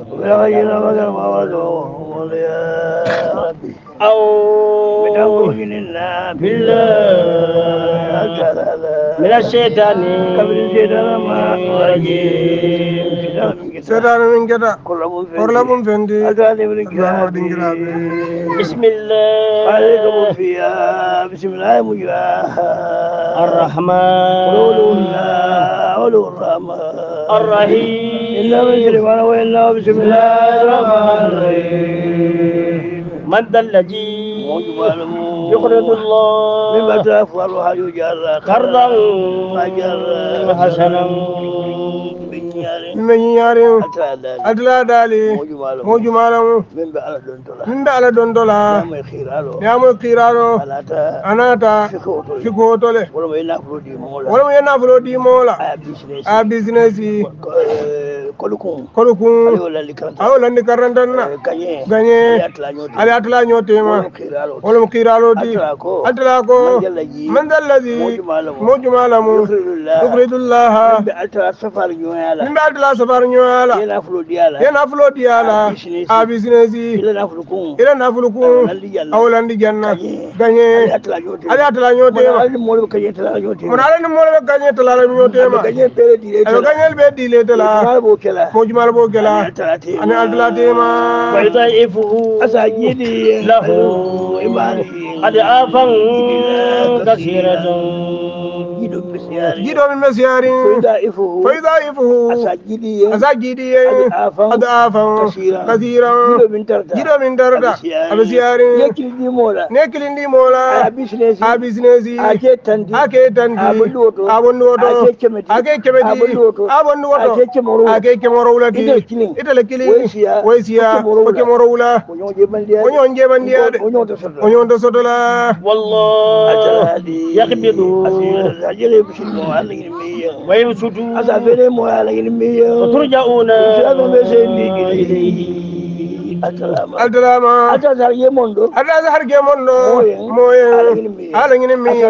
وبالغينا بدل ما وضعوه يا ربي أو بدعوه لله بالله من الشيطان قبل الشيطان ما رجيم seeɗaano min geɗa horla mum fendi adamo ɗingiraaɓe bisimillah aleyka mo fiya bisimillahi mujra arrahman olu rahman arrahim inna mujrimana wa inna بسم الله الرحمن الرحيم من ذا الذي يقرض الله بما تفعل حي جرا قرضا حسنا mimɓe ñiñaare adladali moƴu malam min de ala don dola yamoye kiraɗo anata sikootole wolmo ye nafulo dimola a businessi kolu kun awo landi karantanna eh, gagne ala atala ñootema wolmo kiraɗo di atala ko man dallasi moƴu malamu ukridullaha min ɓe addala safar ñoala ye nafulo ɗi ala a bisinesi ila nafulu kun awolandi janna gagne ala atala ñootema mon ala ni moolo ɓe gagne talala ñootema ayo gagnel ɓe dile tala mojumal bo gela ani addala tema ad afan kasiratum جدو من مسيار فيضاعفه أساجدي قد آفا كثيرا جدو من دردا أبسيار نكل دي مولا أبسنزي أكيتن دي أبن نوتو أكيكمدي أبن نوتو أكيكمرولا دي إتلكلي ويسيا وكمرولا ونيون جيبان دي ونيون تسدلا والله يقبض ينقشون على العلمية وينشدون أسافر على العلمية وترجعون إن شاء الله إليه abdoulama adasar yemon ɗo adasa harge mon ɗo moyen ala gine mi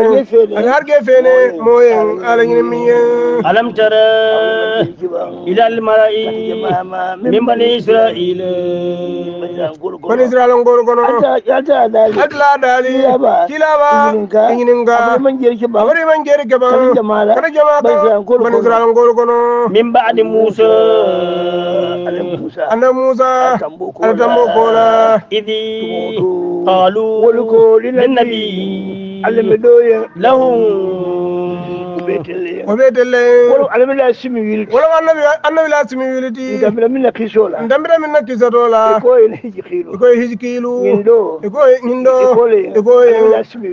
ada harge fene moyen ala gine miye alam tara ilal malai min bani israil bon israil ngorgono adla dali kilaba ininga abariman jeri keban kana jamata bon israil ngorgono min baadi mousa ana mousa زمكنا إذ قالوا للنبي علم دويا لهم o ɓe telle alamila simi wilti wolom annabi annabila simi wilti dambira min na kisola dambira min na kisotola ikoye hijikilu ikoye hijikilu min ɗo ikoye min ɗo ikoye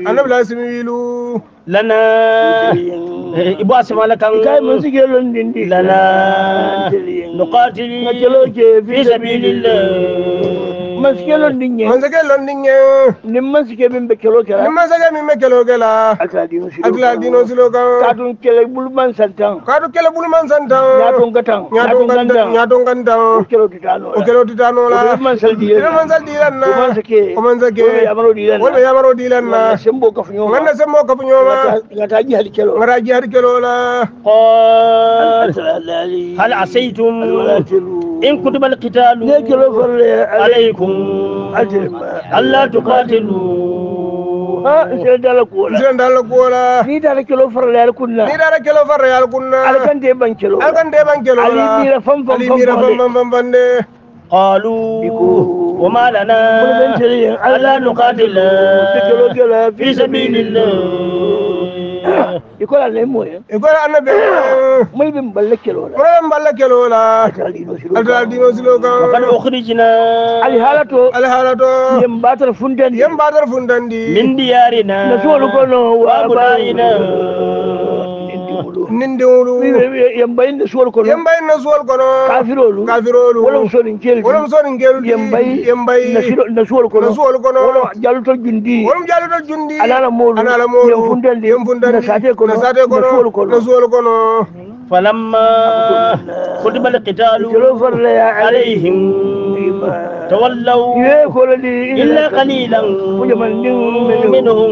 annabila simi wilu lana ibo asimala kan kai mun sige londin di lana nuqatil ngajelo je fi sabilillah masike londin ye masike londin ye nin masike min bɛ kɛlɛ o kɛra nin masakɛ min bɛ kɛlɛ o kɛra akiladino silo kan kadun kɛlɛ buluman san tan kadun kɛlɛ buluman san tan ɲadon ka tan ɲadon ka tan ɲadon ka tan la o kɛlɛ o ti taa nɔ di yɛlɛ o di yɛlɛ na o masake o masake o bɛ yamaro di yɛlɛ yamaro di na sembo kafuɲɔgɔn ma sembo kafuɲɔgɔn ma nka hari kelo, kɛlɛ hari kelo taa jihadi kɛlɛ o la hali a seyitum in kutubali kitalu ne kɛlɛ fɔlɔ lakum Allah tuqatilu sai dala dala kola ni dala kilo far yal kunna ni dala kilo far yal kunna alkan de ban kilo alkan de ban kilo ali mira fam fam ali mira fam fam fam de qalu وما لنا ألا نقاتل في سبيل الله ikola ne moye ikola anna be moy be mballa kelo la problem mballa kelo la atal dino silo ka kan o khri jina al halato al halato yem batar fundandi yem batar fundandi min diyari na na solo ko no wa ba ina ndewlu nin ndewlu yen bayi na suwal kono yen bayi na suwal kono kafirolu kafirolu wala muso nin kelu wala muso nin kelu yen bayi yen bayi na suwal kono na suwal kono wala jaluto jundi wala jaluto jundi anala molu anala molu yen fundande yen fundande na sate kono na sate kono na suwal kono na suwal kono فلما كتب القتال عليهم تولوا إلا قليلا منهم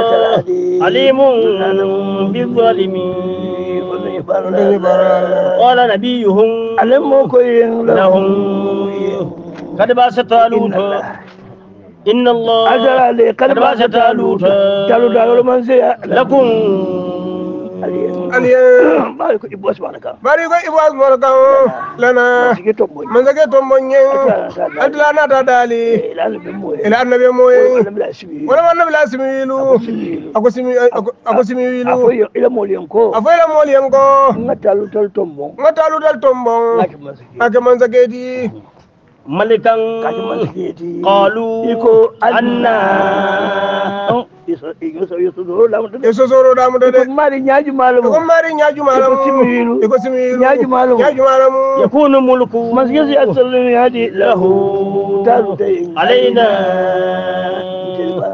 عليم بالظالمين قال نبيهم لهم قد باسط لوط إن الله قد لوط لكم mbaɗi eh. ko ibos bolo ka o lana masake tombo ñen addila nata daali ila annabi moye wala ma annabi la simi wiilu ako simi eh, ako simi wiilu a fo ila mool yen ko nga taalutal tombon ake mansaketi malikan qaalu anna esosorodamu dodekumari nyajumalamu kumari nyajumalamu ikosimiru ikosimiru nyajumalamu nyajumalamu yakunu mulku masigezi ya asalimi hadi lahu tazu alaina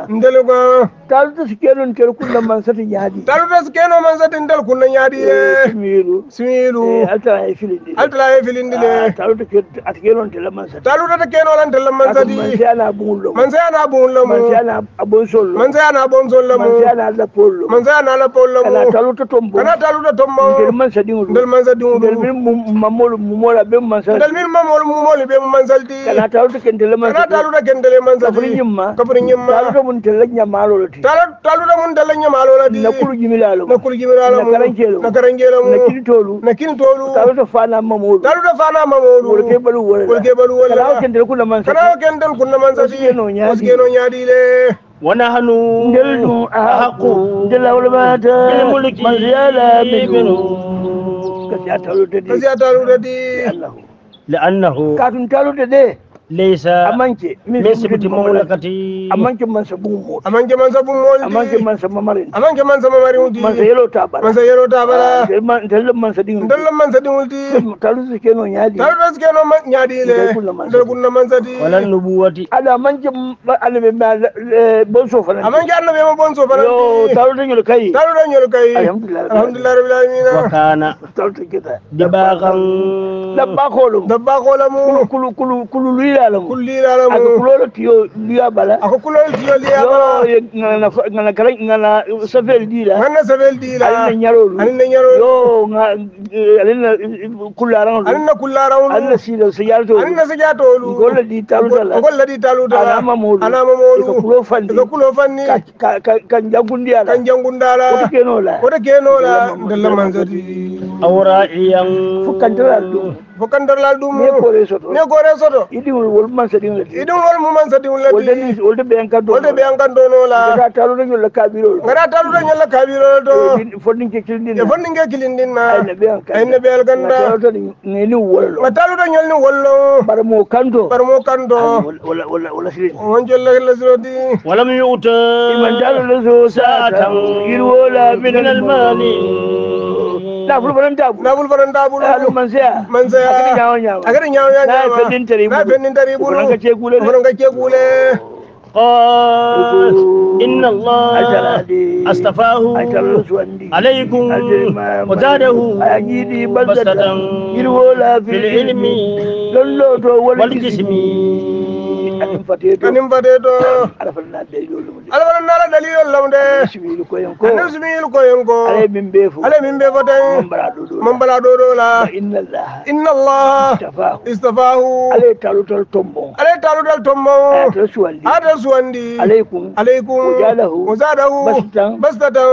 ndelugo taluta si keenon tel kunna mansata ñaadi taluta si keenoo mansata ndel kunna ñaadi eh, smilu smilu eh, altala e filindi altala e filindi le ah, taluta ata keenon tella mansati talutata keenolan tella mansati mansiana ɓuŋol lomu mansiana ɓuŋol lomu mansiana a ɓonsol lomu mansiana a ɓonsol lomu mansiana lappol lomu mansiana lappol lomu kana taluta tombo kana taluta tombo ndel mansa ɗiŋol ndel mansa ɗiŋol ndel min mamolu mumola ɓe mu mansati ndel min mamolu mumolu ɓe mu mansaldi kana taluta ken tella mansati kana taluta ken tele mansati kafri ñimma kafri ñimma taluta mum tella ñamalolo taluta mun dalla ñamalola di nakkulu jimilalo nakkulu jimilalo mugarancelo na garancelo mu nakkini tolu nakkini tolu taluta fana mamodu taluta fana mamodu wol ke balu wol wol ke balu wol kanaw kendel kunna man sa kanaw kendel kunna man sa si no nyaadi os ke no nyaadi le ونحن جلد أحق جل علمات الملك من زيادة منه كسيات الولد دي كسيات الولد دي لأنه لأنه كاتم تالو دي Lesa, amanke mesi buti mola kati amanke man sabu mo amanke man sabu mo amanke man sama marin amanke man sama marin udi man yelo tabara man yelo tabara man dello man sadin dello man sadin udi talu keno nyadi talu sikeno nyadi ne dello kun man sadi walan nubuwati ala amanke ala be ma bonso fara amanke ala be ma bonso fara yo talu dingel kai talu dingel kai alhamdulillah alhamdulillah rabbil alamin wakana kana talu kita dabaqan dabaqolum dabaqolamu kulu kulu kulu liyalo mo liyalomoako couleuro tuyo liya bala ako couleuro tuyo liyaoyo ngana ngana kara ngana sofel ɗila ana sofel ɗila anina ñarolu anina ñarolu yo nga e, anina e, kullaranolu anina kullaranolu anina sila sojatolu anina sojatolu golla ɗi talutala golla ɗi talutala anamamolu anamamolu ko couleur fanni ko couleur fanni kakan jangudiyala kan jangudala oto kenola oto kenola dallamansati awora iyan fo kantelar ɗum fokkan dorlal ɗum ko resoto ni ko resoto iɗi wol mansa ɗin laɗi iɗum wol mo mansa ɗin laɗi wolde ɓe en kando wolde ɓe en kando noola gara taluɗo ñolla kaɓirol gara taluɗo ñolla kaɓirol to e fonɗin ke kilindin e fonɗin ke kilindin ma ayne ɓe en kan ayne ɓeel gandata nini wollo ma taluɗo ñolni wollo ɓar mo kando ɓar mo kando wolasiri on jolla lasiroti walam yuta iman daluloso satan irwola minnalmani nafulu fanan dabul nafulu fanan dabul alu manseya manseya garin yawon ah, yawon a garin yawon yawon na fannin tare na fannin tare bulu murin kake gule murin kake gule قال إن الله أصطفاه عليكم وزاده بسطا في العلم والجسم kanim fadeto ala wala nala daliyol lamde ane sumiyil koyen ko ala min be foten mon bala ɗoɗola inna llah istafahu ala talutal tombon ata suwandi aleykum mo sadahu bastatan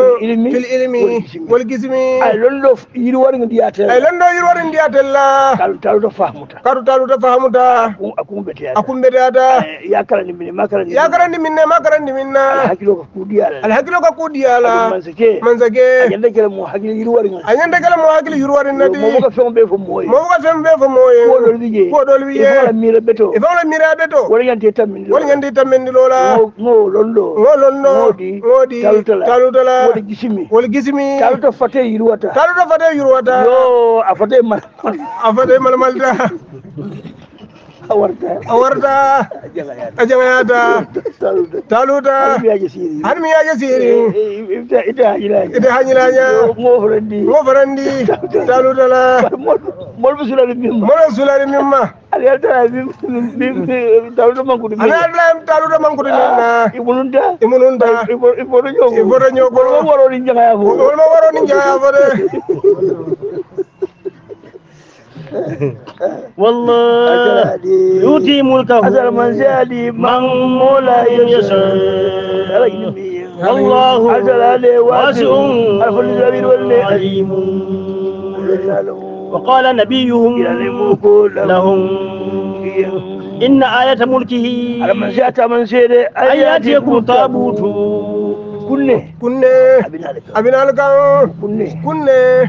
fil ilmi wol gismi lonɗo yirwari ndiyatella kadu taluta fahamuta akumbeteata Eh, yakarandi min makarandi yakarandi minne makarandi minna hakkiloka kuɗiyala alhakkilo ka kuɗiyala mansake aadekele mo hakkile yurwari a ñande kele mo hakkile yurwari nadi moka feŋ ɓe fo mooye momoka feŋ ɓe fo mooye koɗol wiye koɗol wiyeala mira ɓeto e fewla mira ɓeto wala ñanti tammindi e wala ñanti tammindi lola ŋo lolɗo ŋo lolɗo moodi moodi talutala talutala wala gisimi wala gisimi taluto fate yurwata taluto fate yurwata yo a fate mal a fate malmalta awarta awarta ajawayata taluta hanmi yaje siri ite hañilaña ngoforandi taluta la molɓe sulani mimma moɗon sulani mimma aɗa yaltaa taluta mankude aɗa yaltaa taluta mankude minna imununta imununta ifoto ñogol ifoto ñogol wolma waroni jagaya fo wolma waroni jagaya fo de والله يؤتي ملكه أجل من جالي من مولاي يشاء والله واسع وقال نبيهم لهم إن آية ملكه من جاءت من سير آيات يكون تابوت كنه كنه أبنالك كنه كنه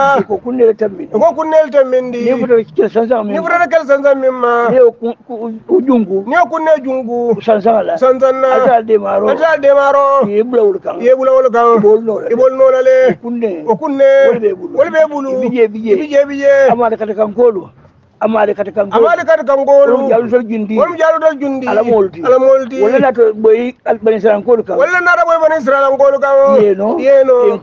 ko kunnel tammin ko kunnel tammin ndi ni fotata kel sansan min ni fotata kel sansan min ma nio junngu ni o kunne junngu sansanla sansanna atal démaro atal démaro ye ɓulawol kan ye ɓulawol kan ɓolnoolale ɓolnoolale kunne o kunne wol ɓe ɓulu wol ɓe ɓulu ɓiƴe ɓiƴe ɓiƴe ɓiƴe amaɗa kata kanko ɗo amade katika ngolu amade katika ngolu olumjaluto jundi olumjaluto jundi ala moldi wala to boy albanisra ngolu ka wala ra boy banisra ngolu ka yeno yeno en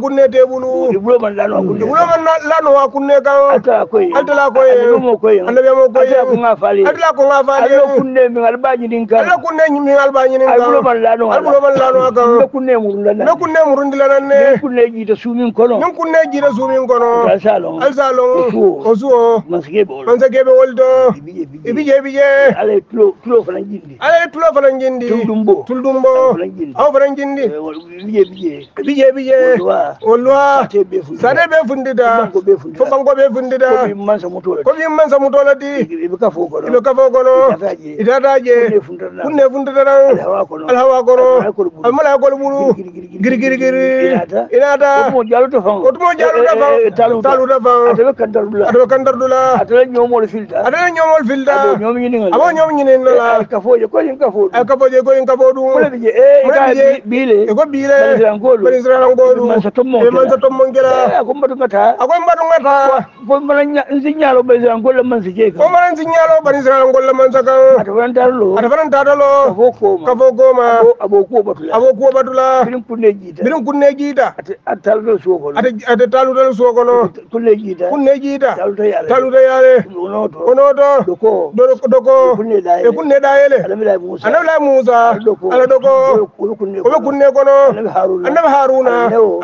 kunne te bulu bulu man lano kunne bulu man lano wa kunne ka ata koy ata la koy anta mo koy anta be mo koy ata ko fali ata ko fali ala kunne mi albaji din ka ala kunne mi albaji din ka bulu man ala bulu man lano ka ne kunne murundana ne kunne murundilana ne ne kunne jita sumin kono ne kunne jita sumin kono alsalon alsalon osuo osuo bamsa geɓe woldo e bije e bije e alaye tulo fana jindi tulɗum bo aw fana jindi e e bije e bije wolluwa sade ɓe fundida fo banko ɓe fundida comme yimman samutola di ɓe kafo gono itataje funne fundida tan alhawa goro almala kol ɓuru girgirgiri inata otumo jaaluda fan taluda fan atawe kandardula atara ñomol filda atara ñomol filda abo ñom ñinin abo ñom ñinin la kafoje ko yin kafo ay kafoje ko yin kafo du ko lebi e ga bile e ko bile bari sira lan ko du man sa tommo man sa tommo ngira eh, ko mbadu ngata ko mbadu ngata ko man nzinyalo bari sira ngol man sa jeka ko man nzinyalo bari sira ngol man sa ka ataran tarlo ataran tarlo kafo ko kafo ko ma abo ko batula abo ko batula birin kunne jita birin kunne jita ataldo suwo ko ate talu dal suwo ko no kunne jita kunne yaare onoto doko e kunne ɗayele annabi lay moussa ala doko oɓe kunne gono annabi haruna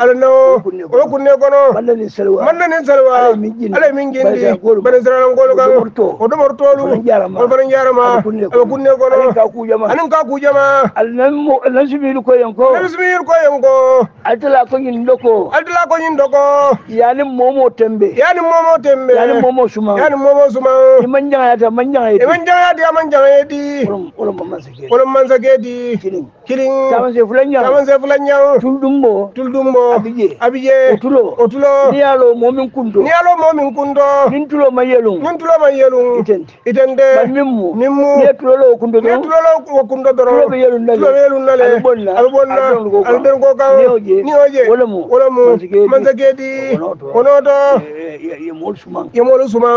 ala nawo oɓe kunne gono mannanin salwa ala min jindi bane israilangol gal o ɗomortolu ol fana jarama aɓe kunne gono anin ka kujama nasimiyir koyen ko altala koñin doko altala koñin doko yani momo tembe yani momo tembe yani momo suma yaani momo sumaman jaayata man jaayedi man jaayadi aman jaayedi olom mansakeedi kilin tamanse fulanñaw tamanse fulanñaw tulɗumbo tulɗumbo abije abije otulo otulo niyalo momin kunto niyalo momin kunto min tulo ma yelum min tulo ma yelum itente itente ba mimmu mimmu ni tulolo kunto do ni tulolo wo kunto dorobe yelum nale tulobe yelum nale aɓe bonna aɓe bonna aɗer ko kaw ni oje wolemu wolemu mansakeedi onoto yemol suman yemol suman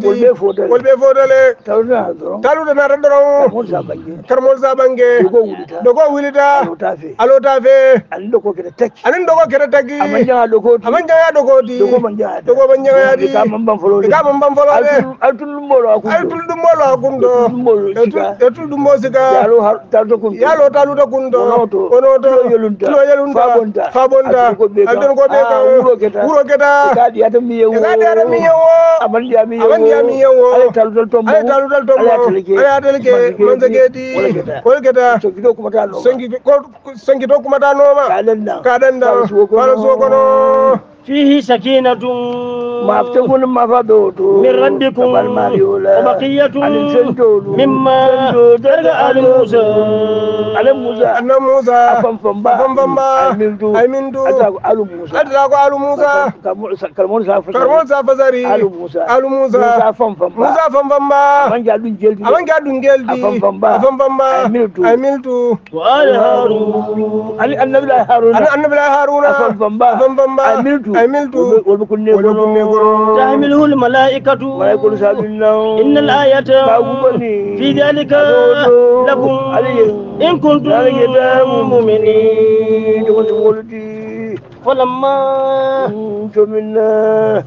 bolɓe fotale bolɓe fotale talude na doron talude nata doron tarmol sabange dogo wulita alota fe anin dogo kete taki anin dogo kete taki aman jaga dogodi aman jaga dogodi dogo man jaga dogo man jaga di ka man ban folo ka man ban folo de altul dumbolo akum altul dumbolo akum do altul dumbo sika yalo talude kun yalo talude kun do ono to yelunta tulo yelunta fabonta fabonta altul ko be ka wuro keta wuro keta ka di atam yewo ka di atam yewo aman di atam yewo mi yewo aley taludal to aley adelke mansagueedi holgueta sengi ko sengi to kumata nooma ka ɗenda walla sokono fihi sakinatun mafte gun mafa ɓewoto min rabbicum wabaqiyatun mimma daga ali musa ali musa ana musa afanfanbaafanfanba aminto aminto atako alu musa atako alu musa karmosa fasari alu musa alu musa afanfan musa afanfanba avanke aɗum geldi avanke aɗum geldi afanfanba afanfanba aminto aminto wa ali harun ali annabilahi harun annabilahi harunaafanfanba afanfanba aminto عملت والبكل غرو تحمله الملائكة ملائكة سابلنا إن الآية في ذلك لكم إن كنتم مؤمنين فلما تؤمنا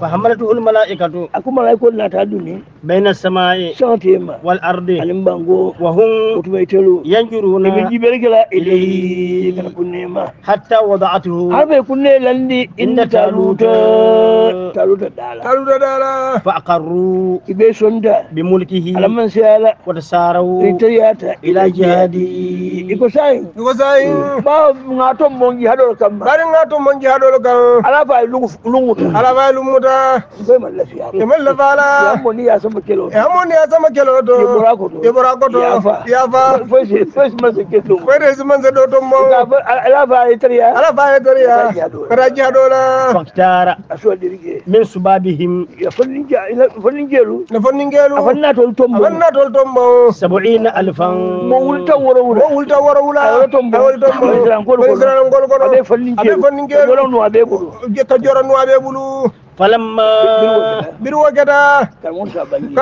fa hammalatu hul malaikatu ako malaikol nata ɗumi bayna samai chantema wal ardi alimbango wa hum otumaytelo yanjuruna emin jiɓere gela eley kata kunnema hatta wadaatuhu har ɓe kunne landi inna taluta taluta ɗala taluta ɗala fa aqarru iɓe sonda ɓe mulkihi alaman siala wata sarawu etayata ila jihadi iko sayi iko sayi ɓaw mm. ga tombonji haɗol kam bari ga tombonji haɗol kam ala fay lugu lugu ala fay lumuta da bai lafiya ke mun lafala ya muni ya sama kelo ya muni ya sama kelo do ibura ko do ibura ko do ya fa fashi fashi man sa kelo ko da su man sa do to mo ala fa ya tariya ala fa ya tariya rajiya do la faktara aso dirige min subabihim ya fannin ja ila fannin gelu na fannin gelu fanna to to mo fanna to to mo 70 alfan mo wulta woro wura mo wulta woro wura ayo to mo ayo to mo ko ko ko ko abe fannin gelu abe fannin gelu no abe bulu ta jora no abe bulu falamma eh, biru wagada kar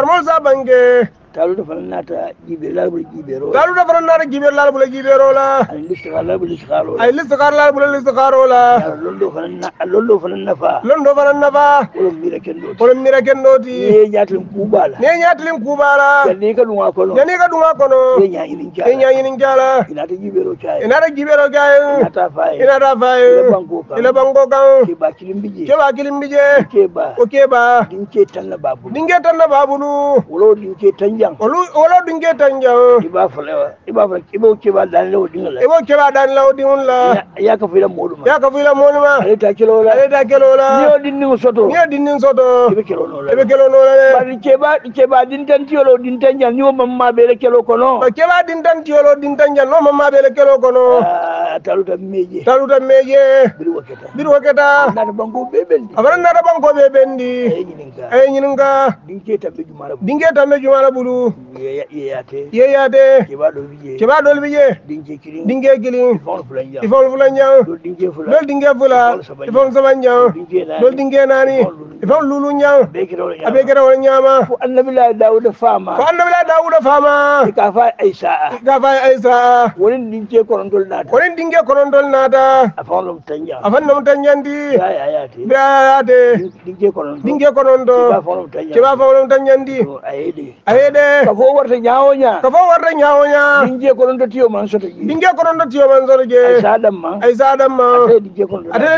musa bange taluda faranata jibe lalbule jibero taluda farannata jibe lalbule jibero la ay listikar lalbule listikaro ay listikar lalbule listikaro la londo faranna londo faranna fa londo faranna fa wala mira kendo wala mira kendo ti ne nyatlin kubala ne nyatlin kubala yani ka dunga kono yani ka dunga kono ne nya yinin jala ne nya yinin jala ina ta jibero kai ina ta jibero kai ina ta fa ina ta fa ina bango kan ke ba kilimbije ke ba kilimbije ke ba o ke ba dinke tanna babulu dinke tanna babulu wala dinke tanna ndiyam wala ɗum ge tan jaw ibafoibafoibo keɓa danlawo ɗingla ibo keɓa danlawo ɗingum la yaka fila moɗuma yaka fila moɗuma aleta kelola aleta kelola yo ɗinndin soto yo ɗinndin soto ɓe kelonola ɓe kelonola e bar keɓa keɓa ɗin tan tiyolo ɗin tan jam niwo mamma ɓele kelo kono to keɓa ah, ɗin tan tiyolo ɗin tan jam no mamma ɓele kelo kono taluta meje taluta meje ɓir woketa nata banko ɓe ɓendi a fata nata banko ɓe ɓendi eyi ñininga eyi ñininga ɗin ke tamɓe jumala ɗin ke tamɓe jumala ɓuɗ Iya iya yeyade keɓaɗol dol ɗingue guilin il faut fulan jaw dol ɗingue fula il faut saban jaw dol ɗingue nani il faut lulu jaw aɓe gueɗawol ñama ko annabillahi dawuda fama ko annabillahi dawuda fama ka fa nada, ka fa aissa wonin ɗingue konondol naata Iya ɗingue Iya naata afannom tan jam afannom tan jandi ɓe ya, ya, ya, ayate ɗingue konondo fa fannom tan jandi a heeɗe ɗe ko fof warta ñawoña ko fof warta ñawoña min jee ko ɗon dottiyo man soto ƴe ɗin jee ko ɗon dottiyo man soto ƴeesaɗam ma ay saɗam ma atede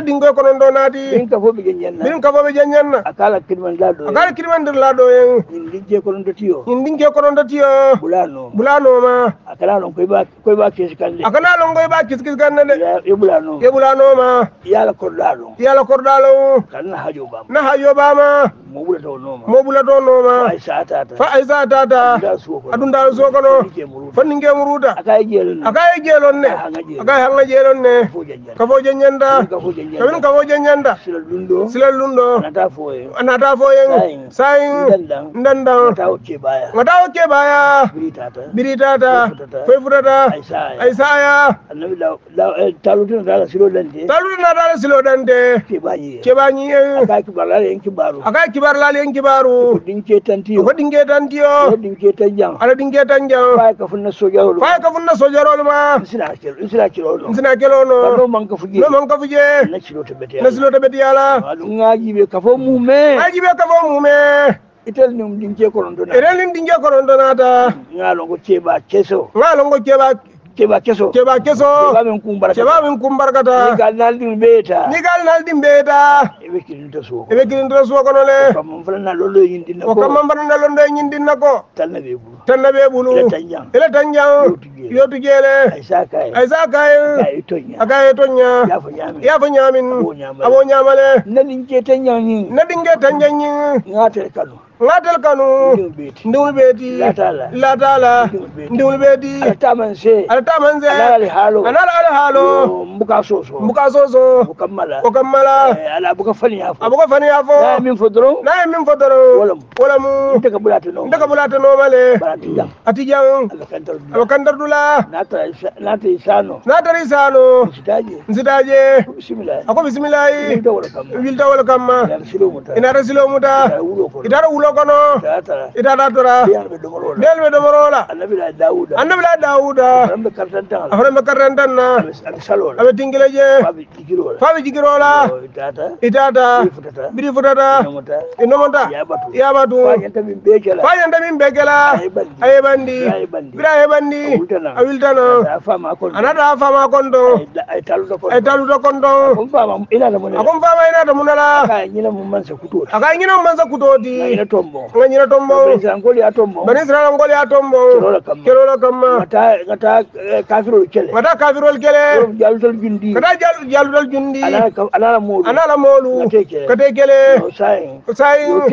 ɗingo ko ɗon ɗo naati min ka fof ɓe ƴeñanna min ka fof ɓe ƴeñanna a kala kirman laɗo a kala kirmandir laɗo hen min ɗin jee ko ɗon dottiyo min ɗin jee ko ɗon dottiyo bulano bulano ma a kala non koye ɓa koye ɓa kis kande a kala non koye ɓa kis kis kande de yo bulano yo bulano ma yala korɗalo yala korɗalo kana na hajoɓama na hajoɓama mo ɓuratonoma mo ɓuratonoma fa ay satata fa ay satata da adun daro sogolo fanni ngemuruda akaye jelon ne akaye hanga jelon ne kafo jenyanda kamin kafo jenyanda silal lundo anata foyen sayin ndanda ngata oke baya biri tata foy futata aisaya talutu na dala silo dante kebanyi en akaye kibar lali en kibaru ko dinke tantiyo dinge tanjan ala dinge tanjan fay ka funna sojarolu fay ka funna sojarolu ma sina kelo sina kelo no sina kelo no no man ka fuje no man ka fuje na silo to beti na silo to beti ala ngaji be ka fo mume ngaji be ka fo mume itel num dinge koron dona itel num dinge koron dona ta ngalongo cheba cheso ngalongo cheba keɓa keso keɓa keso keɓamin kum barkata keɓamin kum barkata nigal nalɗin ɓeeta nigal nalɗin ɓeeta eɓe kilinta suwo eɓe kilintata suwo kono le okamman falana lollo e, e ñindinna ko okamman falana lollo e ñindinna ko tanna ɓe ɓulu tanna ɓe ɓulu ele tanjang yottu jeele aysa kay akaye toña e yafo ñamin awo ñamale nadinke tanjang ñin nadinke tanjang ñin gatere kano ngatel kanu ndul ɓeeti latala ndiwul ɓeeti aɗa tamanse anala ala haalo mbuka soso mbuka soso o kammala abuka faniya fo naye min fo doron wolamu ndeka ɓulata nomale ati jang aɓa kantardula natari sano nsitaje ako bisimilayi wilta wolo kamma inata silo muta itata wulo kono ita da tora del be domoro la annabi la dauda annabi la dauda ambe kartantan afra me kartantan na abe tingile je fabi jigiro la ita da biri futata inomonta yabatu fayanta min bekela aye bandi bira aye bandi awiltana anata fama kondo ay taluta kondo akum fama inata munala aka ñina mu mansa kutoti tombo gañira tomboongoli a tombo ben israel o ngoli a tomboongkelola kammagata kafirol kele gata kafirol kele jalutal jundi gata jalutal jundi anala moolu anala moolu kate kele sayyo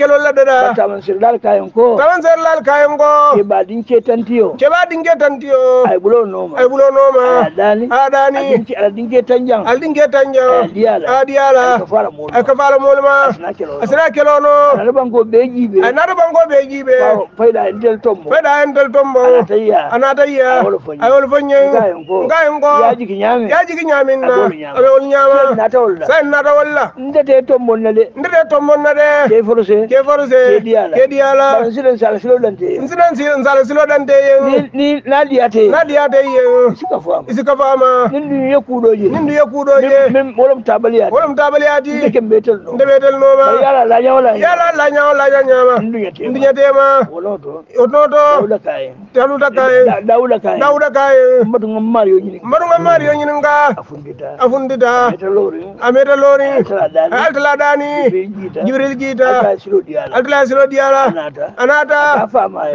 kelol ladɗaɗa tavansere lal kayen ko tavansere lal kayen ko keɓa dinke tantiyo keɓa dinke tantiyo ay ɓulo nooma ay ɓulo nooma aɗani aɗani ala dinke tanjan ala dinke tanjan aɗiyala aɗiyala kafala moolu ma asna kelono anaɗaɓango ɓe ƴiɓe anaɗaɓango ɓe ƴiɓe fayɗa en del tombo fayɗa en del tombo anatayya anatayya a wol foññen ga en ko yaji ki ñamin yaji ki ñaminna aɓe wol ñama natawolla sa en natawolla ndete tombonna de ndete tombonna de ke forcé ke forcé ke ɗiyala siɗen sala silo ɗante yen siɗen sala silo ɗante yen ni na ɗiyate na ɗiyate yen sika fama sika fama nin ndu ye kuuɗoje nin ndu ye kuuɗoje min wolom tabaliyati wolom tabaliyati ndeke mbetel ɗo ndeɓetel noma yala lañawla yala la ñaw la ñama ndiñatema ototo taluta kaye dawda kaye dawda kaye mbatunga mario ñini mbatunga mario ñini nga afundita afundita ameta lori altala dani jibril jita altala silo diala anata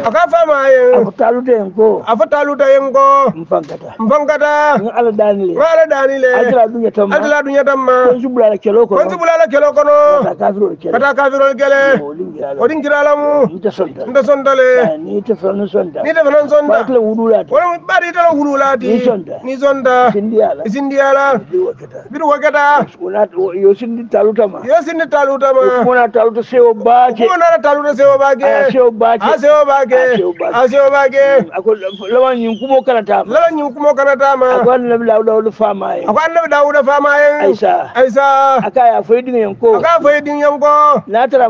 aka fama ye afotaluta yenko afotaluta yenko mpangata mpangata ala dani le ala dani le altala dunya tamma altala dunya tamma kon subulala kelo kono kon subulala kelo kono kata kafiro kelo sondale odin kiralamu nte sondale nite fana sonda wala bari itala wululati ni sonda isindiyala biru wakata yosindi talutama yosindi talutama kumana taluta sewo bake kumana taluta sewo bake sewo bake sewo bake sewo bake lawan yinkumo kanatama lawan yinkumo kanatama akwan nabi dawuda famaye akwan nabi dawuda famaye aisa aisa akaya foyidin yanko akaya foyidin yanko na tara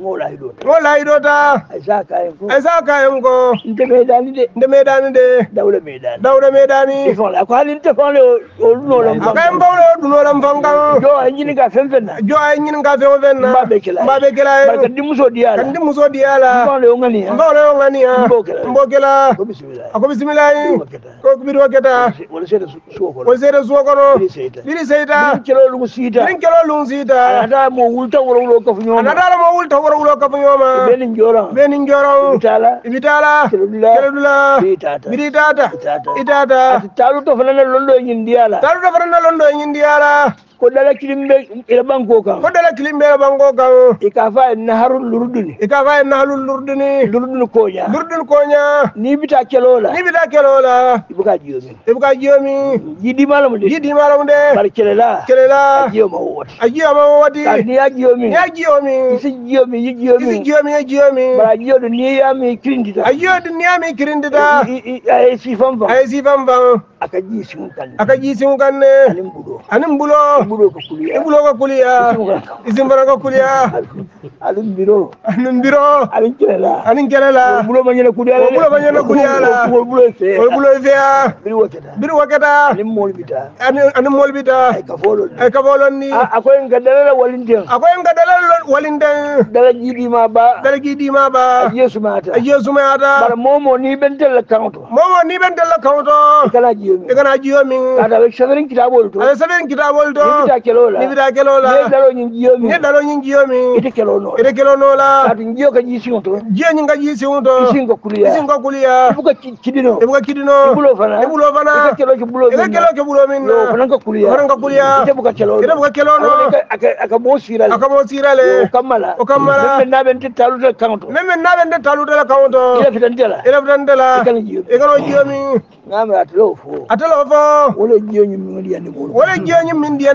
ngola idota ngola idota aisa kayen ko aisa kayen ko nte medani de nte medani de dawla medani dawla medani ifola ko halin te fole o dunola mfam akayen bawle o dunola mfam kan jo ay nyini ka fen fen na jo ay nyini ka fen fen na mbabe kila mbabe kila barka di muso di ala kandi muso di ala mbawle o ngani ha mbawle o ngani ha mbokela mbokela ko bismillah ko bismillah ko kubiri waketa wala sere suwo ko wala sere suwo ko biri seita biri kelo lungu sita biri kelo lungu sita anata mo wulta wolo wolo ko fnyo anata mo wulta wuro kafin yoma benin joron benin joron vitala vitala keludula keludula vitata vitata itata itata taru to fana londo yindi ala to fana londo yindi ko dala kilim be ila banko kan ko dala kilim be ila banko kan e ka fa en harul lurduni e ka fa en harul lurduni lurdun konya lurdun konya ni bita kelola ni bita kelola ibuka jiyomi ibuka jiyomi Jidi malam de Jidi malam de bar kelela kelela ajiyo ma wodi ajiyo ma wodi ka ni ajiyomi ni ajiyomi isi jiyomi yi jiyomi isi jiyomi yi jiyomi bara ajiyo du ni ya mi kirindita ajiyo du ni ya mi kirindita ay si fam fam ay si fam fam aka ji sun aka ji sun kan ne bulo anin bulo buɗo ko kuliya e ɓuulo ko kuliya isimboro ko kuliya aɗum mbiro aɗum mbiro aɗum kelela aɗum kelela ɓuulo mañana kuliyala ɓuulo mañana kuliyala ol ɓuulo e feya biri woketa biri woketa anin molbita anin molbita ay kafolon ay kafolon ni akoyen ga dalala walinten dala jiɗima ba dala jiɗima ba ajiye sumayata ajiye sumayata bara ni ɓen tella kawto momo ni ɓen tella kana jiyo min e kana jiyo min aɗa aɓe saferin kitabol to ni nyeddalo nyingi yomi nyeddalo nyingi yomi itekelonoola itekelonoola kati njiyo kajiyisiunto njiyo nyinga jiyisiunto isinga okuliya isinga okuliya ebuka kidino ebuka kidino ebulovana ebulovana itekelo kibulo minna itekelo kibulo minna ofananga okuliya ofananga okuliya itebuka kelono itebuka kelono akabosirale akabosirale okamala okamala meme nabe nditalutela kaunto meme nabe nditalutela kaunto ilafita ndela ilafita ndela ikalo jiyo ikalo jiyo mi ngamba atelofo atelofo wole jiyo nyimindi ya nimulu wole jiyo nyimindi ya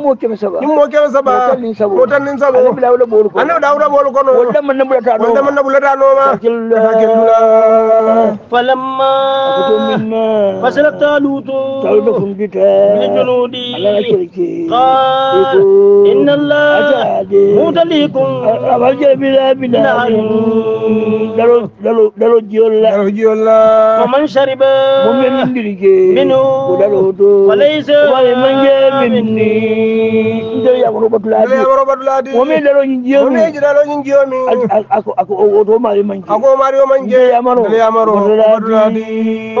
ɗummo keme saba ɗummo keme saba otannin sabo otannin sabo anabila wala ɓolo ko anabila wala ɓolo ko non wala manna bulata no wala manna bulata no ma fakil fakil la falamma منا فسلك طالوت طلب كنت من جنودي قال إن الله متليكم أرجع بلا بلا درجي الله درجي الله ومن شرب ومن منه وليس ومن جاء مني ya woro batuladi ya woro batuladi o me daro nyi jiyo mi o me daro nyi jiyo mi ako ako o do mari manje ako mari o manje ya maro ya maro batuladi o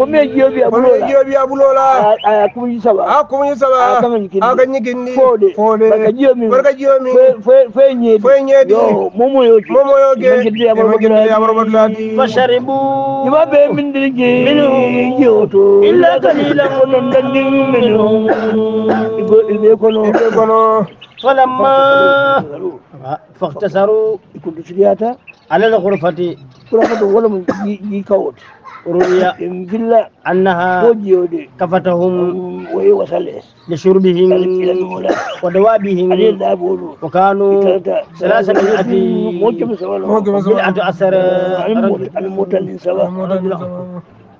ko me jiyo e biya e bulola ko me jiyo biya bulola a kuma yi saba a kuma yi saba a kama nyikindi a ka nyikindi fode fode barka jiyo mi barka jiyo mi fe fe nyedi fe nyedi yo momo yoge momo yoge nyikindi ya barba bulati ya barba bulati fasharibu ima be min dirje minu jiyoto illa kalila kono dandin minu ibo ibe kono ibe kono falamma faktasaru ikundu siriyata ala la ghurfati ghurfatu wala mu yi kawot ruya en villa annaha kojiyode kafatahum woyi wasa les le surbihim wode waɓihim laboɗo o kanu salasati mojom sawalmojom sawal ato asar amin motalin sawa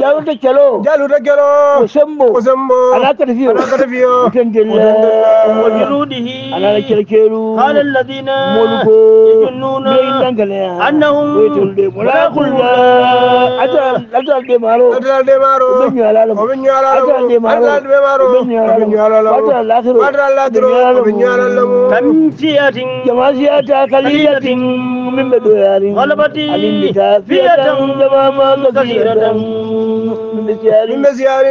جالو تجلو جالو تجلو وسمو وسمو أنا كتفيو أنا كتفيو وتند الله وجنوده أنا كلكيرو قال الذين ملكو يجنون أنهم ملاقوا الله أجل أجل دمارو أجل دمارو ومن يعلم ومن يعلم أجل دمارو أجل دمارو ومن يعلم أجل الآخر أجل الآخر ومن يعلم كم فئة جماسية قليلة من بدوار غلبت فئة جماما كثيرة minda siyari minda siyari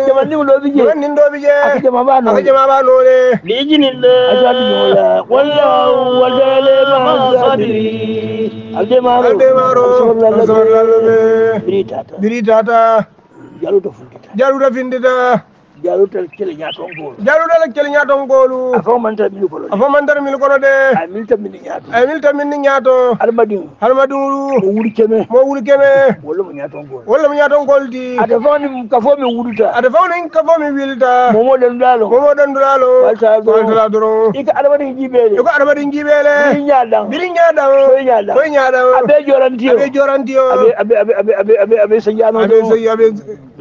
jaruutal kele ñaatoon goolu jaruutal kele ñaatoon goolu afo mantar mille kolo afo mantar mille kolo de a mille tamini ñaato ay mille tamini ñaato hadamadin hadamadinu mo wuri keme mo wuri keme wolla mo ñaatoon goolu wolla mo ñaatoon goolu di ada fawni ka fo mi wuduta ada fawni ka fo mi wilta momo ɗanndulaalo momo ɗanndulaalo waltala doron ika adamadin jiɓeele iko adamadin jiɓeele bili ñaaɗan bili ñaaɗan koye ñaaɗan koye ñaaɗan abe jorantio abe jorantio abe abe abe abe abe abe sa jaanoɗo abe sa abe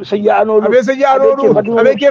sa jaanoɗo abe sa jaanoɗo abe ke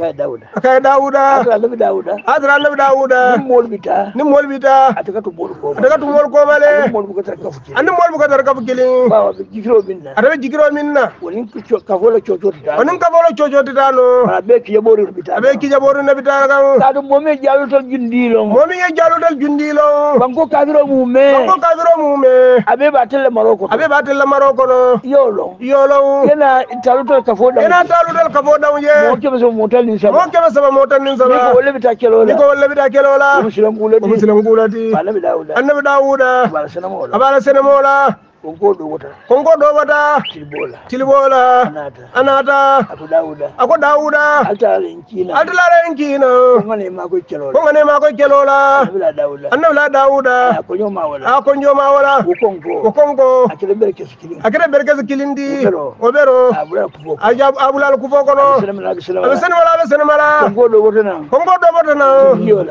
kaye dawuda kaye dawuda alaɓi dawuda adra alaɓi dawuda ni molɓita ni molɓita atagatu mol koba adagatu mol kobale andi molɓu katar kafu kiling ɓawaɓe jikiro minna ataɓe jikiro minna onin kafolo cocotita onin kafolo cocotitano aɓe kijaɓorinoɓita aɓe kijaɓori nobitano kam kaatu momi jalutal jundilon momi e jalutal jundilon banko kafiro mume banko kafiro mume aɓe ɓatelle maroko aɓe ɓatelle maroko no yolon yolon ena talutal kafo ɗaw ena talutal kafo ɗawje mokeɓeso motali wallabinin sama on kebe saba mo tannin sama ni ko wallabita kelola ni ko wallabita kelola muslim kulati muslim kulati annabi dawuda annabi dawuda abala senamola abala senamola ko goɗo wota kon goɗɗo tilbola tilbola anata ako dawuda ako dawuda altalare en kiina altalare en kiina kongane makoye kelola kongane makoye kelola annabila dawuda a konjo ma wala ko konko akere bere kesi kilindi o ɓero a bulala kufo kono aɓe senemala aɓe senemala kon goɗɗo wotana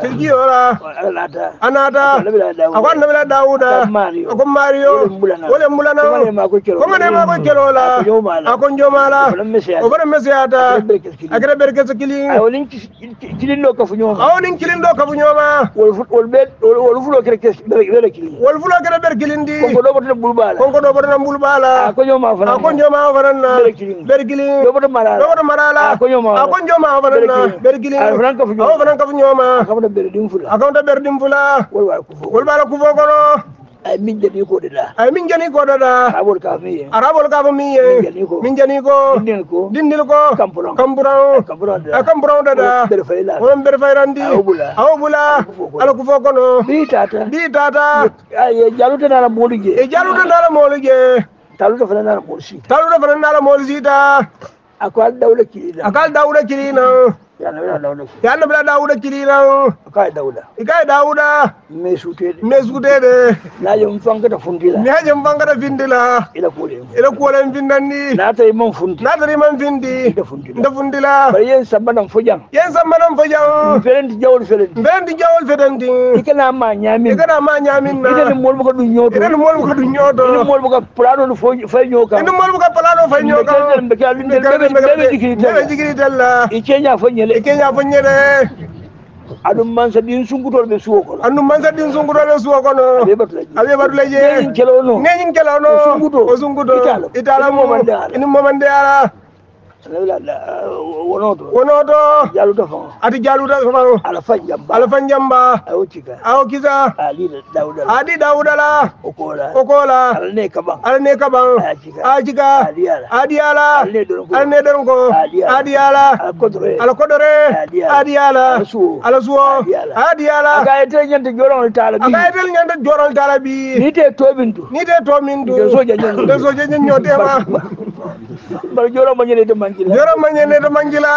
tiljiyola anata ako annabila dawuda ako mario oɗen mulanaoganemako kelola ako jomala oɓoɗe mesiyata akere ɓer gueso kilinawonin kilinɗo kafu ñoma wol fulo kere ɓer kilindi konko ɗoɓotona mbul ɓala ako joma o fananna ɓer kilinɗoɓoto marala ako joma o fananna ɓer kilino fanan kafu ñoma akamta ɓer ɗim fula wol ɓala kufo kono min jani koɗoɗa ay min jani koɗoɗa rabol kafe a rabol kafe min ye min jani ko dindil ko campuran e campuran dada on ber fayrandi awo bula ala ko fo kono ɓi tata e jalutenala moolu je e jalutenala moolu je taluta fanan ala moolu sita a ko al dawla kilina a ko al dawla kilina yo allah bila dawuda kirinaw kay dawuda kay dawuda mai suteɗe mai suteɗe najom fankata fundila najom fankata findila ila kuolen ila kuolen findanni natari man fundi natari man findi nde fundila bara yen sambanan fojan yen sambanan fojan felenti jawol felenti felenti jawol fedenti ikana ma ñamin ikana ma ñaminna ideni molmo ka ɗum ñooto ideni molmo ka ɗum ñooto ide molmo ka planoɗo fo fay ñooka ide molmo ka planoɗo fay ñooka ɓeɓe jikiri tella ɓeɓe jikiri tella i ceña fo ñel ele e kenya fanyere aɗum mansa ɗin sunkutorde suwo kono anndum mansa ɗin sunkutorde suwo kono aɓe batulaji aɓe ne ŋeñin kelo no ŋeñin kelo no o sunkuto o sunkuto itala itala ni ala ini momande ara. wono to ati jaluda famao ala fan jamba ao kisa adi dawudala o kola ala ne kaban a cika adi ala ala ne donko adi ala ala kodore adi ala ala suwo adi alaagayetel ñante jorol tala bi nite tomin du nite tomin du de soja ñoñotema bar joro ma ñene to mangila joro ma ñene to mangila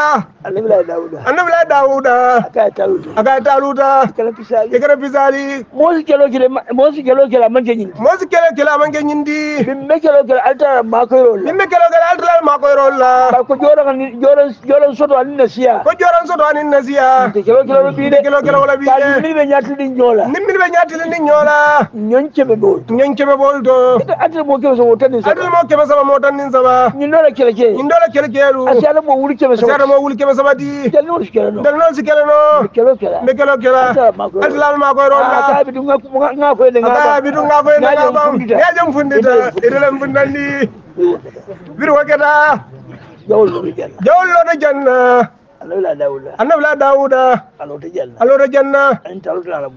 Anda la dauda annabi la dauda aka taluta aka taluta kala pisali kala pisali mosi kelo kele mosi kelo kele man ke ñindi mosi kelo kele man ke ñindi bimme kelo kele alta ma ko rol bimme kelo kele alta ma ko rol la ko joro joro joro soto an nasiya ko joro soto an nasiya kelo kelo bi de kelo kelo wala bi de ni be ñaati ni ñola ni be ñaati ni ñola ñon kebe bol ñon kebe bol do atal mo kebe so wotan ni sama atal mo kebe mo indola keleke keleke lu asi ala mo wuli kebe sabati wuli kebe sabati ndel non si no ndel non si kele no ndel ma koy ron la asi ala bidu nga koy nga nga koy nga nga bidu nga koy nga nga bang ya jam fundita annabila dawuda alota janna anin taluta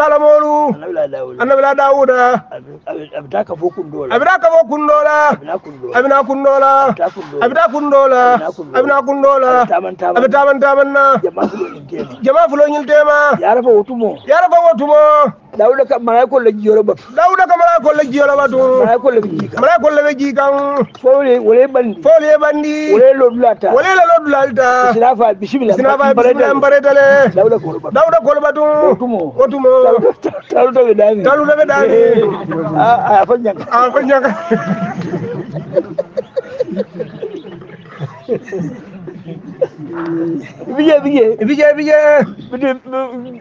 nalamolu annabila dawuda abita kafo kundola abina kundola abita kundola abina kundola abitaman tamanna jama fuloñil tema yarafa wotumo yarafa wotumo dawuda ka mala ko leji yoro batu dawuda ka mala ko leji yoro batu mala ko leji kan mala ko leji kan fole wole bandi fole bandi wole lodulata wole lodulata nafa bisimilla sinafa bisimilla mbaretale dawda kolba dawda kolba tum otumo otumo taluta ɓe dami taluta ɓe dami a fo ñanga a fo ñanga Vijay Vijay Vijay Vijay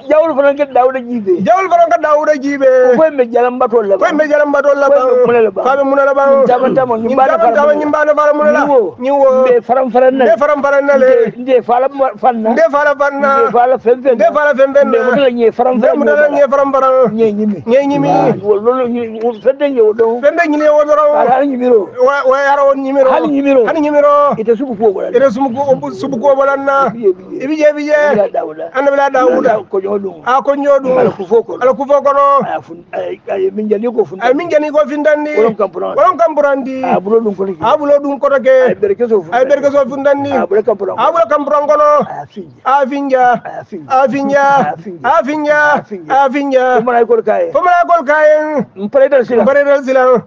Jawul fana ka dawda Jibe Jawul fana ka Dawuda Jibe ko me jalam batol la ko me jalam batol la ko be munala ba jaban tamo ni bana fara jaban ni bana fara munala ni wo be faram faran na be faram faran na le nde fala fanna nde fala fanna nde fala fembe nde fala fembe nde mutala ni faram faran nde mutala ni faram faran ni nyimi ni nyimi lolo ni fende ni wodo fende ni wodo ala ni miro wa wa yaro ni miro hal ni miro hal ni miro ite subu ko ite subu ko aku obulanna aku ebije aku dawuda aku ah, ɗum ala kufo aku minja aku ko findandi wolon aku abulo aku koto aku ay berke so aku abulo aku kono aku afinja aku afinja aku kol aku mparedal silan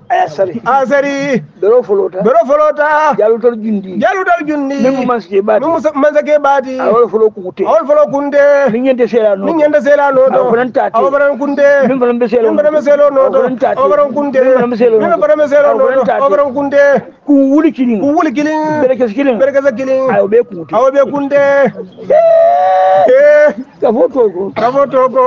asari bero folota aku jundi aku jundi ke baati ɗum mumansa ke baati awol folo kuute awol folo kunde min ñande seela no min ñande seela no to fanan taate awo fanan kunde min fanan be seelo min fanan be seelo no to fanan taate awo fanan kunde min fanan be seelo no min fanan be seelo no to awo fanan kunde ku wuli kilin ku wuli kilin berekes kilin berekes kilin awo be kuute awo be kunde ka fo togo ka fo togo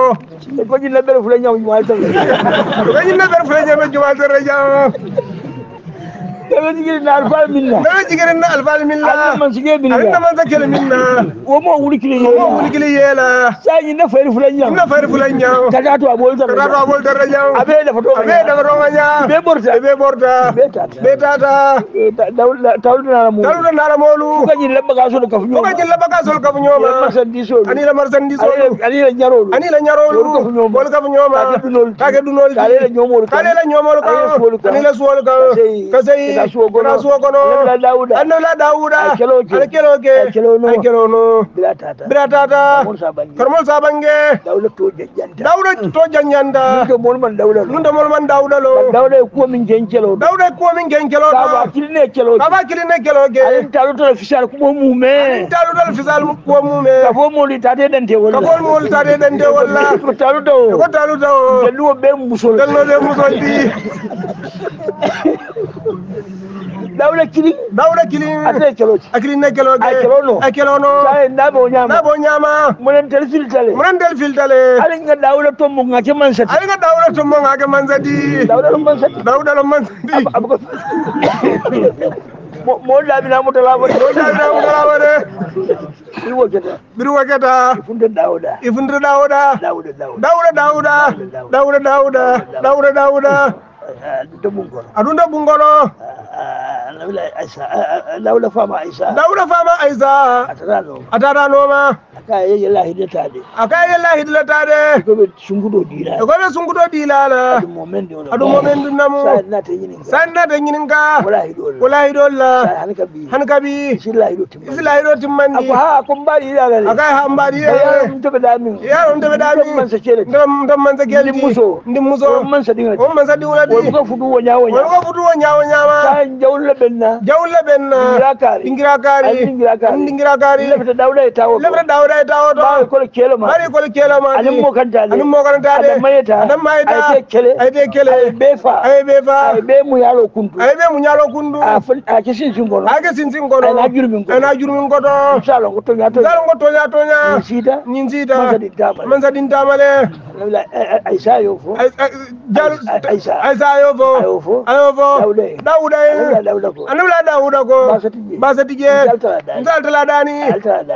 ko jinna bere fula ñaw jumaa tan ko jinna bere fula ñaw jumaa tan daga jigiri na alfal minna daga jigiri na minna alin man minna alin man minna wo mo wuli kili yela wo wuli kili yela sai na fayri fulan yau na fayri fulan yau kada to abol tar kada to abol tar yau abe da fato abe da fato manya be borta be borta be tata be tata tawdu na molu tawdu na molu ko jin labba ka so da kafu ko jin labba ka so da kafu nyoma marsan di so ani la marsan di so na suwogono annola dawuda aɗa keloke aɗa kelono bira tata kormol sabange dawuda to janjanta nunde mol man dawuda lo dawuda e kuwo min gen kelo dawuda e kuwo min gen kelo kaba kiline kelo kaba kiline kelo ge ayin talo tala fisal kuwo mume ayin talo tala fisal kuwo mume kafo moli tate dante wala kafo moli tate dante wala ko talo tawo ko talo tawo deluwo be musol dawuda kili dawuda kili ate keloci ah, akilina keloke ah, a kelono a ah, kelono nabo nyama nabo nyama munen tel filtale munen tel filtale ali nga dawuda tombo ngake mansati ali nga dawuda tombo ngake mansati dawuda lom mansati dawuda lom mansati mo daabina mo talaba mo daabina mo talaba de bir waketa bir waketa ifunde dawuda ifunde dawuda dawuda dawuda dawuda dawuda dawuda dawuda dawuda dawuda dabugolo aɗum dabugolo lawla fama aysa lawla fama aysa ataɗanoma akayeyela hidlataɗe akayeyela hidlataɗe koɓe sunguɗo ɗilala koɓe sunguɗo ɗilala aɗum momendunamu sannate ñininga kolahiɗolla hankabi silahiɗo timmandi akay ha mbaɗiyeyaɗum toɓe ɗamin ndemansa keeleɗimmuso ɗimmuso omansa ɗiwlaɗe weruga fudu wo nyawo nyawo weruga fudu wo nyawo nyawa tan jawulle benna jawulle benna ngirakari ngirakari ngirakari ngirakari lebta dawda e tawo lebta dawda e tawo to bari kol kelo ma bari kol kelo ma anim mo kan tale anim mo kan tale adam mayeta adam mayeta ay te kele ay te kele ay befa ay befa ay be mu yalo kundu ay be mu yalo kundu a ke sin sin a ke sin sin gono na jurmi ngoto ay na jurmi ngoto salo ngoto nya to salo ngoto nya to nya nzida nzida manza din tamale manza din tamale ay sayo fo ay ay ayobo ayobo dauda anibla dauda ko basetije ntaltala dani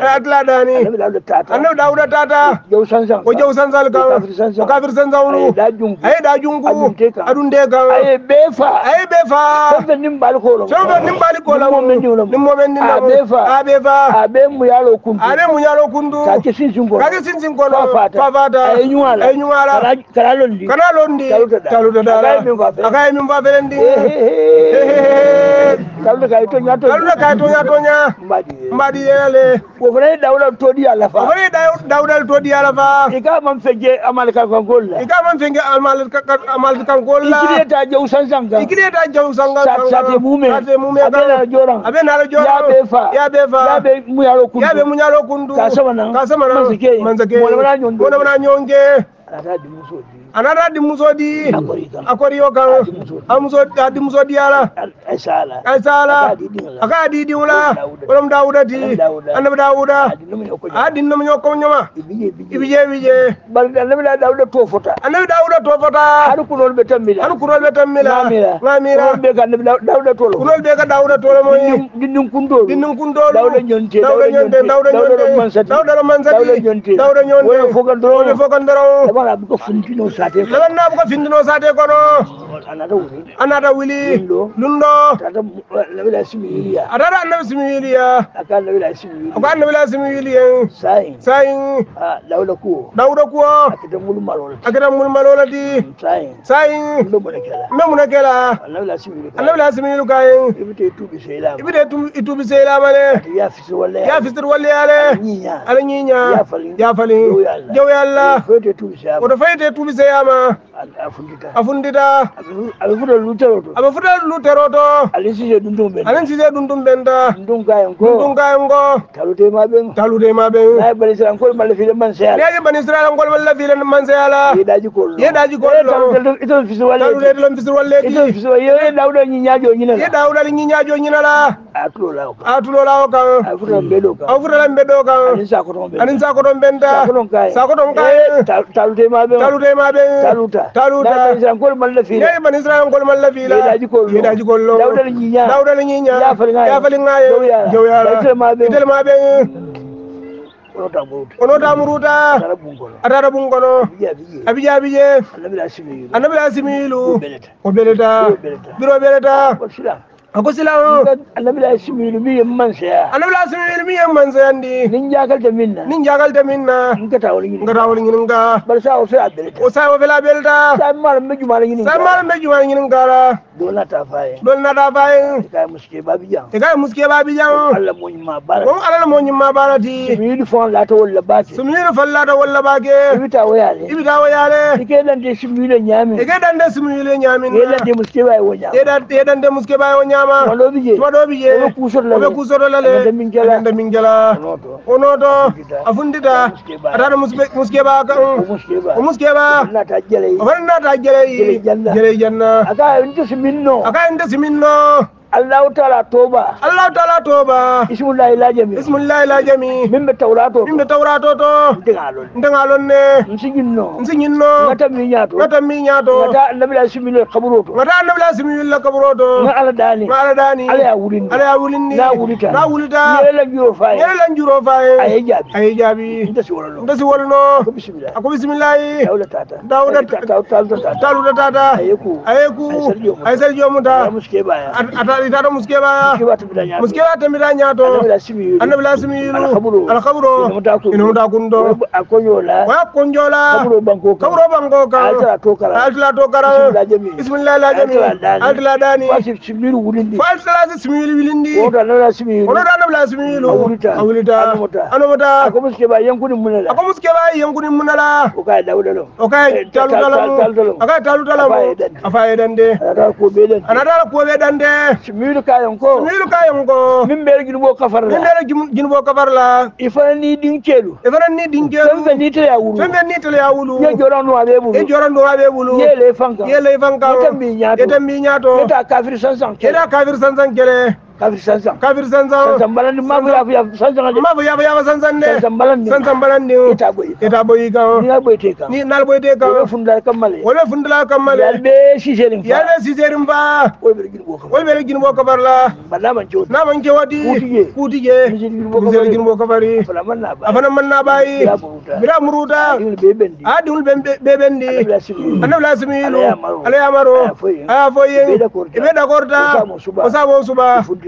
altala dani anib dauda tata o jaw sansal kan o kafir sansawulu aye da junku adunde kan aye be fa fenfe nim bali kola nim momen ni nam a be fa a be muyalo kundu kake sinsin kolo fa fata ay nyuara kana londi kana londi talu dada akaye nyumba bendi kalule kaitonya kalule kaitonya tonya mbadi yele wofanaye dawuda todi alafa wofanaye dawuda todi alafa ikama mfenge amalika kangolla ikama mfenge amalika amalika kangolla ikile ta jau sansanga ikile ta jau sanga sate mume sate mume abena joran abena joran ya befa ya befa ya be munyalo kundu ya be munyalo kundu kasama na kasama na manzake manzake mwana nyonge mwana nyonge atadi musodi ana ara dimmusoɗi akori yo kan amusoa dimmusoɗi ala a sala aka adi ɗiŋla wolom dawuda ti annabi dawuda a ɗin nomi ñokkom ñoma ibije ibije annabi dawuda to fota an kunol ɓe tammila gamira kunol ɓe ka dawuda tolo moy ɗinɗin kuntoluɗaudañonte dawuda ñonte dawuda ro mansati dawuda ñonte fokandorowo fokandorowo sate. Laban na buka findino sate kono. anada wuli lundo adada annabi simi wiliya aka annabi la simi wiliyen sayin dawuda kuwo akita mulumalola di sayin mbe muna kela annabi la simi wilu kayin ibite itubi seyilamale yafisir walleyale ala ñiña yafalin jowyalla woto fayite tubi seyama afundita aɓe fota luteroto aɓe fota luteroto alisije ɗum tum ɓen alisije ɗum tum ɓen ta ɗum gayengo ɗum gayengo talude ma ɓen talude ma ɓen ay banisirankol malla file man seyala ɗeƴe banisirankol malla file man seyala yeɗaji kol yeɗaji kolo ito fisir walle talude ɗilon fisir walleɗi ito fisir ye ɗawɗa ñiñaji o ñinala ye ɗawɗal ñiñaji o ñinala a tulola o kan a futalan ɓeɗo kan a futalan ɓeɗo kan anin sakoton ɓe anin sakoton ɓen ta sakoton kaye eh, talude ma ɓen talude ma ɓen taluta taluta ɓanisirankol malla file heɓan israel ngol ma lafiila yiɗaji gollo dawɗale ñiña yafali gaye jow yaraitel ma ɓe ono tamuruta atata ɓunkono abije abije annabila similu o ɓeleta ɓiro ɓeleta hako silawo annabila simiru mi yem manseya annabila simiru mi yem manseyandi nin jakalta minna nin jakalta minna nkatawol ñininka bar sawo fe a belta o sawo fela belta sami maram be jumala ñinin sami maram be jumala ñininkara dol nata fay dol nata fay ekay muske babijan ekay muske babijan allah moñuma bara on alala moñumma barati simiyidu fon lata wolla bake simiyidu fon lata wolla bake ibita woyale ibita woyale ike dande simiyule ñamin eke dande simiyule ñamin ye dande muske bawe woñam ye dande muske bawe woñam ñama waɗoɓe je oɓe kusotolalemin gelade min gela o noto a funtita ataɗo muskeɓa ka o muskeɓa o fotanata gueley gueley janna akaentesi minno akaentesi minno allahu taala toba allahu taala toba ismillahi lajami ismillahi lajami min ɓe tawrato min ɓe tawrato to degalon degalon ne nsiginno nsiginno gata miñato gata miñato gata annabila simil kaburo to gata annabila similla kaburo to ma ala dani ma ala dani ala ya wulinni ala ya wulinni na wulita na wulita yelelan juro fay yelelan juro fay aye jaabi aye jaabi nta si wolno nta si wolno bismillah ako bismillahi dawla tata dawla tata taluda tata ayeku ayeku ay sel jomuta ay sel jomuta ata itato ba tembira nyato annabila similu alkaburo inomutakundo waya kunjola kaburo bangoka altila tokara la jami altila dani fo altilasi similu wilindi ana annabila similu awulita anomuta ako musikeba yenkuni munala okaye talutalamu akaye talutalamu afayedande anatala kuobe dande miilu kayen ko miilu kayen ko min bere junubo kafar la min bere junubo kafar la i fana ni dinkelu i fana ni dinkelu fɛn fɛn ni tele ya wulu fɛn fɛn ni tele ya wulu ye jɔrɔ nu a bɛ bulu ye jɔrɔ nu a bɛ bulu ye le fanka ye le fanka o tɛ min ɲato o tɛ min ɲato e t'a kafiri sansan kɛlɛ e t'a kafiri sansan kɛlɛ kafir sansan kafir sansan sansan balandi mabu yafu yafu sansan mabu yafu yafu sansan ne sansan balandi sansan balandi ita boyi ita boyi ka ni na boyi te ka ni na boyi te ka wala fundala kamale wala fundala kamale yalbe sijerin fa yalbe sijerin fa wol bere gin boko wol bere gin boko barla bala man jodi na man jodi kutije kutije gin boko bari afana man na bayi bila muruta adi ul bebendi annabi lasmilu alayamaro aya foyen ibe da korta osamo suba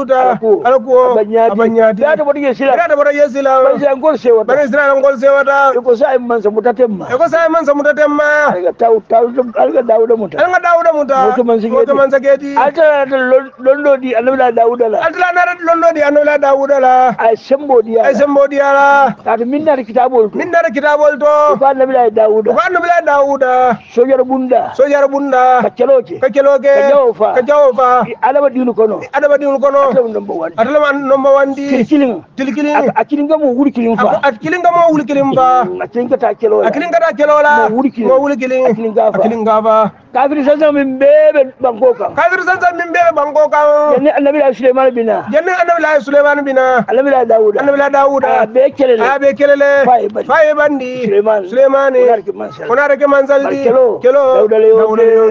aluta alakuwo abanyati birata boto yesila birata boto yesila banzira ngolsewata banzira ngolsewata ekosa imansa mutatemma ekosa imansa mutatemma alika tawu tawu alika dawuda muta alika dawuda muta moto manzigeti moto manzigeti alta londo di anabila dawuda la alta na londo di anabila dawuda la ay di ay sembo di ala tatu minna kitabol to minna kitabol to ko anabila dawuda ko anabila dawuda sojar bunda sojar bunda kaceloke kaceloke kajawofa kajawofa adaba dinu kono adaba dinu kono atlaw number one atlaw number one di tilkilin tilkilin ga mo wuri kilin fa akilin ga mo wuri ga ta kelo akilin ga ta kelo la mo wuri kilin mo wuri kilin akilin ga fa ga fa kafiri sasa min bebe banko kan kafiri sasa min bebe banko kan janni annabi la suleiman bina janni annabi la suleiman bina annabi la dawud annabi la dawud a be kelele a be kelele faye bandi suleiman suleiman onare ke mansal di kelo dawudale yo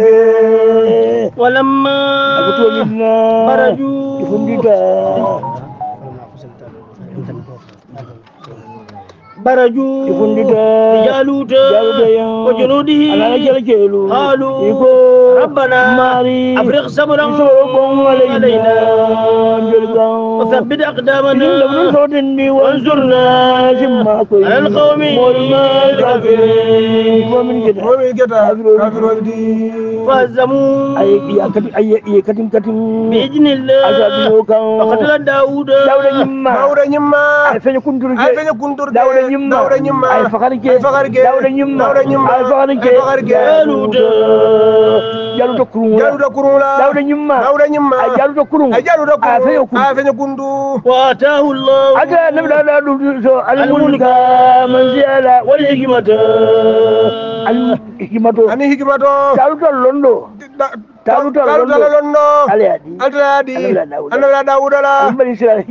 walamma baraju ifundita برجوا بجالوت وجنوده قالوا ربنا أفرغ صبرا علينا وثبت أقدامنا وانصرنا على القوم الكافرين ومن كده فهزموا بإذن الله وقتل داود داود نما داود نما أفن كندرجي ñumma dawra ñumma ay faxar ge dawra ñumma dawra ñumma ay faxar ge jaluɗo kurum jaluɗo kurum la jawɗo ñimma jawɗo ñimma a jaluɗo kurum a jaluɗo kurum a feño kun a feño kundu wa atahu llah ada nabi ɗaɗa ɗum so almulka man siala wal hikimata al hikimato ani hikimato taruta londo taruta londo alayadi altayadi annabila daoudala bani israil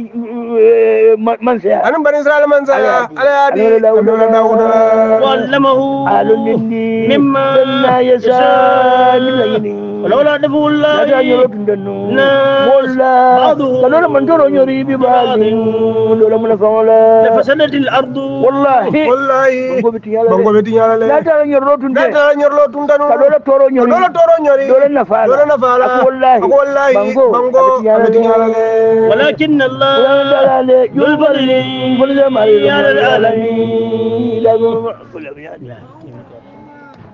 eh, man sa anum bani israil man sa alayadi annabila daoudala wallamahu alumini mimma lamma yasha min ولولا دفع الله الناس بعضهم لولا من ترى يري ببعض لولا من صولا لفسدت الأرض والله والله بانكو بيتي يالا لا ترى نيرلو لا لا ترى نيرلو تندانو لولا تورو نيري لولا تورو نيري لولا نفالا لولا نفالا والله والله بانكو بيتي يالا ولكن الله يلبل لي كل ما لا لي لا يلبل لي